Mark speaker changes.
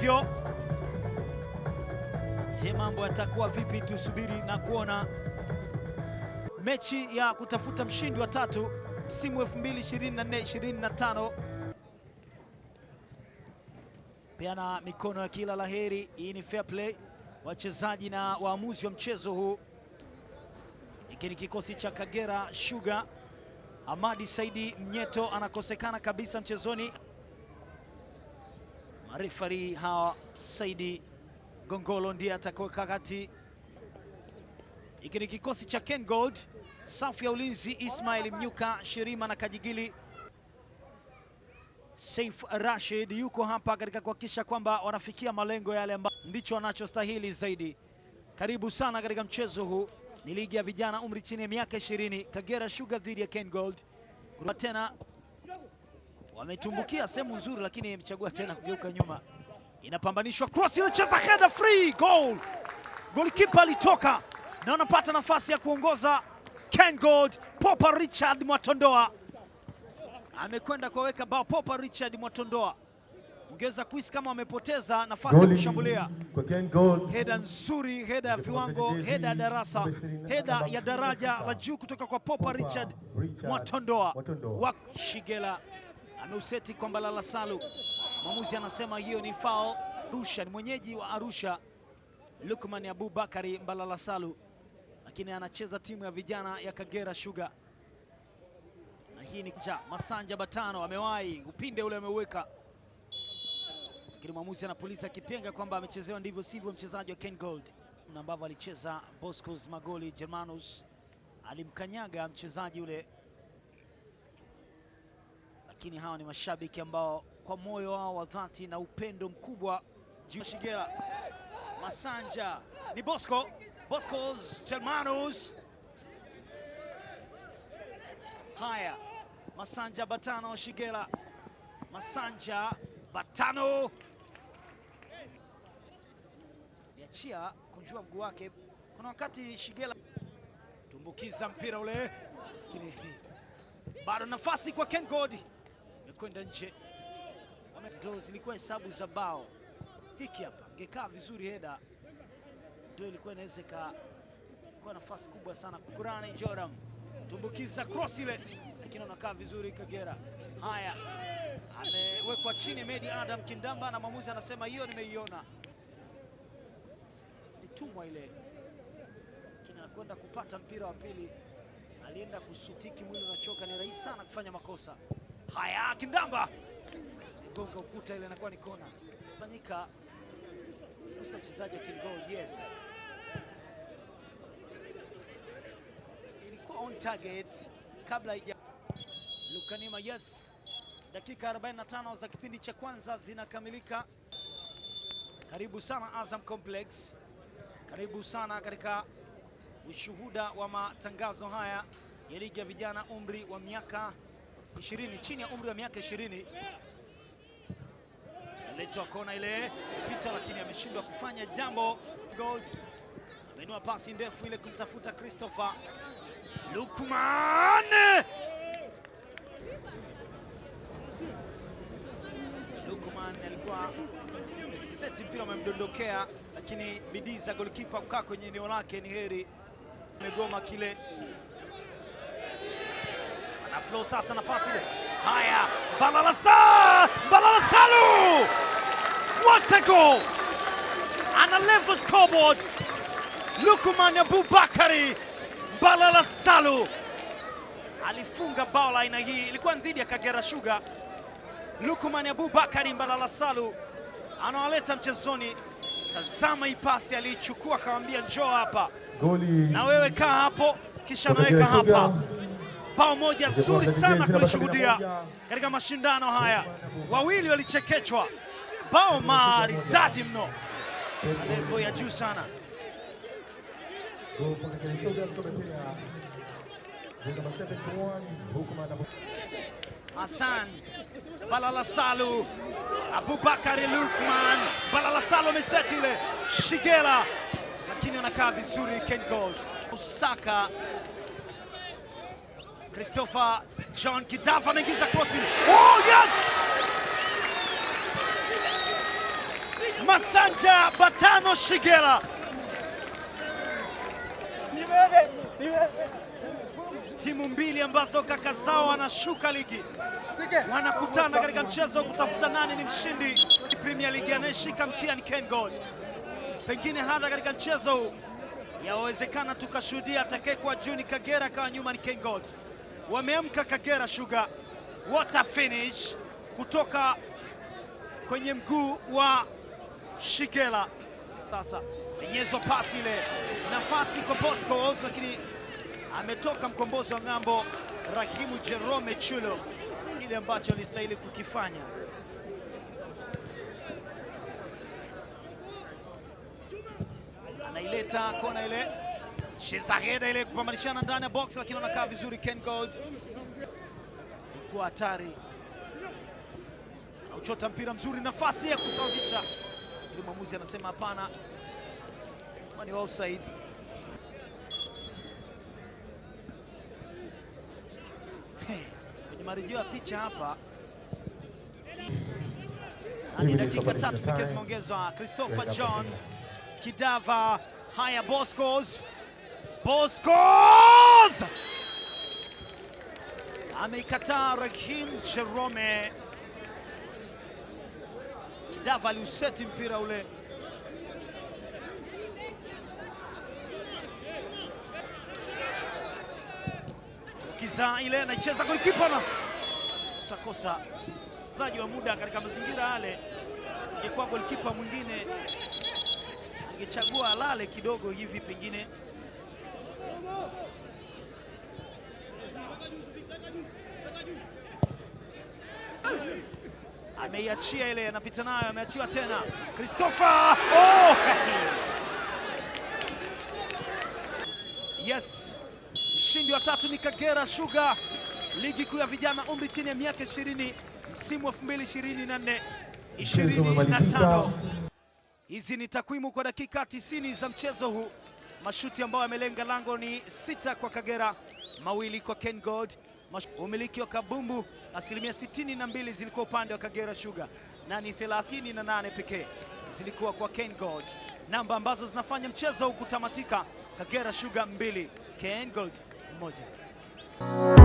Speaker 1: hivyo. Je, mambo yatakuwa vipi? Tusubiri na kuona. Mechi ya kutafuta mshindi wa tatu msimu 2024-2025 peana mikono ya kila laheri. Hii ni fair play, wachezaji na waamuzi wa mchezo huu. Hiki ni kikosi cha Kagera Sugar. Hamadi Saidi Mnyeto anakosekana kabisa mchezoni marefari hawa, Saidi Gongolo ndiye atakuweka kati. Hiki ni kikosi cha Ken Gold, safu ya ulinzi Ismail Mnyuka, Shirima na Kajigili. Saif Rashid yuko hapa katika kuhakikisha kwamba wanafikia malengo yale ambayo ndicho wanachostahili zaidi. Karibu sana katika mchezo huu, ni ligi ya vijana umri chini ya miaka 20, Kagera Sugar dhidi ya Ken Gold. Tena wametumbukia sehemu nzuri, lakini amechagua tena kugeuka nyuma. Inapambanishwa, cross inacheza header, free goal. Goalkeeper alitoka na anapata nafasi ya kuongoza. Ken Gold Popa Richard Mwatondoa amekwenda kuweka bao. Popa Richard Mwatondoa ungeweza kuhisi kama wamepoteza nafasi ya kushambulia. Heda nzuri, heda ya viwango, heda ya darasa, heda ya daraja la juu kutoka kwa Popa Richard Mwatondoa wa Shigela ameuseti kwa Mbalala Salu, mwamuzi anasema hiyo ni foul. Arusha ni mwenyeji wa Arusha, Lukman Abubakari Mbalala Salu, lakini anacheza timu ya vijana ya Kagera Sugar. Na hii ni ja, Masanja Batano amewahi upinde ule ameuweka, lakini mwamuzi anapuliza kipenga kwamba amechezewa, ndivyo sivyo, mchezaji wa Ken Gold ambavyo alicheza Boscos Magoli Germanus alimkanyaga mchezaji ule lakini hawa ni mashabiki ambao kwa moyo wao wa dhati na upendo mkubwa. Shigela Masanja ni Bosco Boscos Germanos. Haya, Masanja Batano Shigela Masanja Batano liachia kunjua mguu wake. Kuna wakati Shigera tumbukiza mpira ule, lakini bado nafasi kwa Ken kwenda nje. zilikuwa hesabu za bao hiki hapa, ngekaa vizuri heda, ndio ilikuwa inaweza kwa nafasi kubwa sana. Kurani Joram tumbukiza cross ile, lakini anakaa vizuri Kagera. Haya, amewekwa chini Medi Adam Kindamba na mwamuzi anasema hiyo nimeiona, nitumwa ile, lakini anakwenda kupata mpira wa pili, alienda kusutiki mwili unachoka. Ni rahisi sana kufanya makosa. Haya, kindamba gonga ukuta, ile inakuwa ni kona. Fanyika usa mchezaji akingol, yes, ilikuwa on target kabla ija Lukanima, yes. Dakika 45 za kipindi cha kwanza zinakamilika. Karibu sana Azam Complex, karibu sana katika ushuhuda wa matangazo haya ya ligi ya vijana umri wa miaka ishirini chini ya umri wa miaka 20. Aletwa kona ile pita, lakini ameshindwa kufanya jambo. Gold amenua pasi ndefu ile kumtafuta Christopher Lukman. Lukman alikuwa seti mpira amemdondokea, lakini bidii za golikipa kukaa kwenye eneo lake ni heri, amegoma kile Flow sasa nafasi Haya, Balalasa Balalasalu, what a goal! Ana level scoreboard. Lukman Abubakari Balalasalu alifunga bao la aina hii, ilikuwa dhidi ya Kagera Sugar. lukuman Abubakari Balalasalu anawaleta mchezoni. Tazama hii pasi aliichukua, akamwambia njoo hapa na wewe, kaa hapo, kisha anaweka hapa bao moja zuri sana kulishuhudia katika mashindano haya. Wawili walichekechwa, bao maridadi mno, levo ya juu sana. Hassan Balalasalu, Abubakari Lukman Balalasalu ameseti ile Shigela, lakini anakaa vizuri Ken Gold Osaka Christopher John Kitafa ameingiza krosi. Oh, yes! Masanja Batano Shigela timu mbili ambazo kaka zao wanashuka ligi wanakutana katika mchezo wa kutafuta nani ni mshindi Premier League, anayeshika mkia ni Ken Gold. Pengine hata katika mchezo huu yawezekana tukashuhudia atakayekuwa juu ni Kagera, akawa nyuma ni Ken Gold wameamka Kagera Sugar, water finish kutoka kwenye mguu wa Shigela. Sasa enyezwa pasi ile, nafasi kwa Boscos, lakini ametoka mkombozi wa ng'ambo Rahimu Jerome Chulo, kile ambacho alistahili kukifanya. Anaileta kona ile Shezareda ile kupambanishana ndani ya box, lakini anakaa vizuri Ken Gold, ilikuwa hatari. Auchota mpira mzuri, nafasi ya kusawazisha, lakini mwamuzi anasema hapana, ni offside. Kwenye marejeo ya picha hapa ni dakika tatu pekee zimeongezwa. Christopher John Kidava, haya Boscos Paul scores! Ameikataa Rahim Jerome. Kidava aliuseti mpira ule. Kiza ile anaicheza golikipa na sakosa zaji wa muda katika mazingira yale, ingekuwa golikipa mwingine angechagua alale kidogo hivi pengine. Ameiachia ile, anapita nayo, ameachiwa tena. Christopher! Oh! Yes, mshindi wa tatu ni Kagera Sugar, ligi kuu ya vijana umri chini ya miaka 20, msimu wa 2024 25. Hizi ni takwimu kwa dakika 90 za mchezo huu. Mashuti ambayo yamelenga lango ni sita kwa Kagera, mawili kwa Ken Gold. Umiliki wa kabumbu asilimia 62 zilikuwa upande wa Kagera Sugar na ni 38 pekee zilikuwa kwa Ken Gold, namba ambazo zinafanya mchezo huu kutamatika Kagera Sugar mbili KenGold Gold moja.